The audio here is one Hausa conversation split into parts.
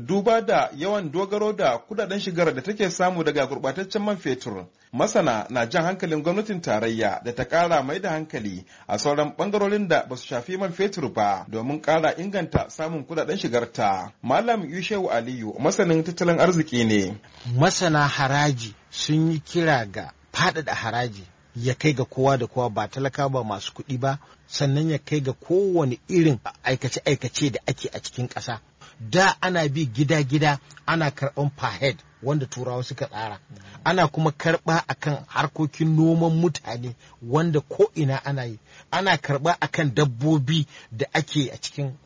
duba da yawan dogaro da kudaden shigar da take samu daga gurbataccen man fetur masana na jan hankalin gwamnatin tarayya da ta kara mai da hankali a sauran bangarorin da ba su shafi man fetur ba domin kara inganta samun kudaden shigarta malam yushewu aliyu masanin tattalin arziki ne masana haraji sun yi kira ga faɗaɗa haraji ya kai ga kowa da kowa ba talaka ba masu kuɗi ba sannan ya kai ga kowane irin aikace-aikace da ake a cikin ƙasa da ana bi gida-gida ana karɓan fahed wanda turawa suka tsara ana kuma karɓa akan harkokin noman mutane wanda ko ina ana yi ana karɓa akan dabbobi da ake a cikin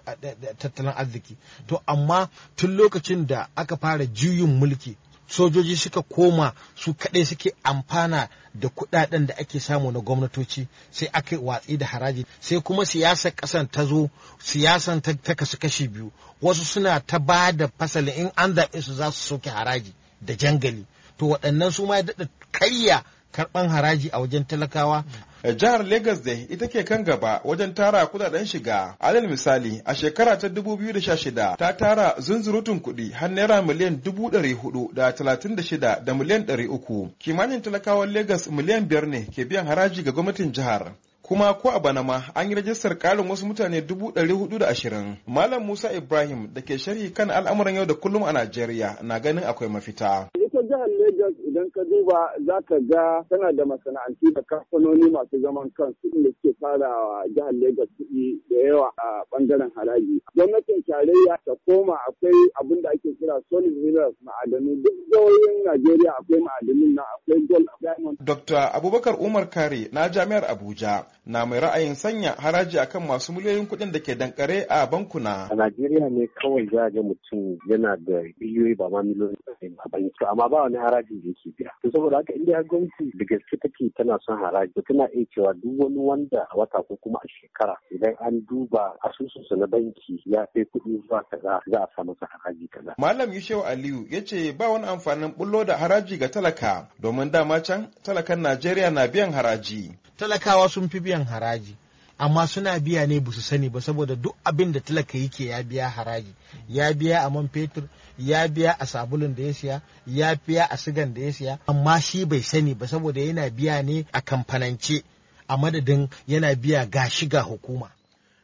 tattalin arziki to amma tun lokacin da aka fara juyin mulki sojoji suka koma su kaɗai suke amfana da kuɗaɗen da ake samu na gwamnatoci sai aka watsi da haraji sai kuma siyasar ƙasan ta zo siyasan ta kasu kashi biyu wasu suna ta ba da fasalin in an zaɓe su za su soke haraji da jangali to waɗannan su ma daɗa kayya karban haraji a wajen talakawa eh, jihar Legas da ita ke kan gaba wajen tara kudaden shiga. Alal misali, a shekara ta 2016 ta tara zunzurutun kuɗi har naira miliyan 436 da miliyan 300. Kimanin talakawan Legas miliyan biyar ne ke biyan haraji ga gwamnatin jihar. kuma ko a bana ma an yi rajistar karin wasu mutane dubu ɗari hudu da ashirin. Malam Musa Ibrahim da ke sharhi kan al'amuran yau da kullum a Najeriya na ganin akwai mafita. jihar Legas idan ka duba za ka ga tana da masana'antu da kamfanoni masu zaman kansu inda suke fara jihar Legas kuɗi da yawa a bangaren haraji. Gwamnatin tarayya ta koma akwai abin da ake kira solid minerals ma'adanu duk jihohin Najeriya akwai ma'adanin na akwai gold diamond. Dr. Abubakar Umar Kare na Jami'ar Abuja na mai ra'ayin sanya haraji akan masu miliyoyin kuɗin da ke dankare a bankuna. A Najeriya ne kawai za ga mutum yana da biliyoyi ba ma miliyoyi sayin abin to amma ba wani harajin da yake biya to saboda haka indiya gwamnati da gaske take tana son haraji tana iya cewa duk wani wanda a wata ko kuma a shekara idan an duba asusunsa na banki ya kai kuɗi zuwa kaza za a samu haraji kaza malam yushewu aliyu ya ce ba wani amfanin bullo da haraji ga talaka domin dama can talakan najeriya na biyan haraji talakawa sun fi biyan haraji amma suna biya ne ba sani ba saboda duk abin da talaka yake ya biya haraji ya biya a man fetur ya biya a sabulun da ya siya ya biya a sigan da ya siya amma shi bai sani ba saboda yana biya ne a kamfanance a madadin yana biya ga shiga hukuma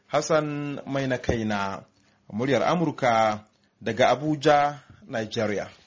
hassan mai na kaina muryar amurka daga abuja nigeria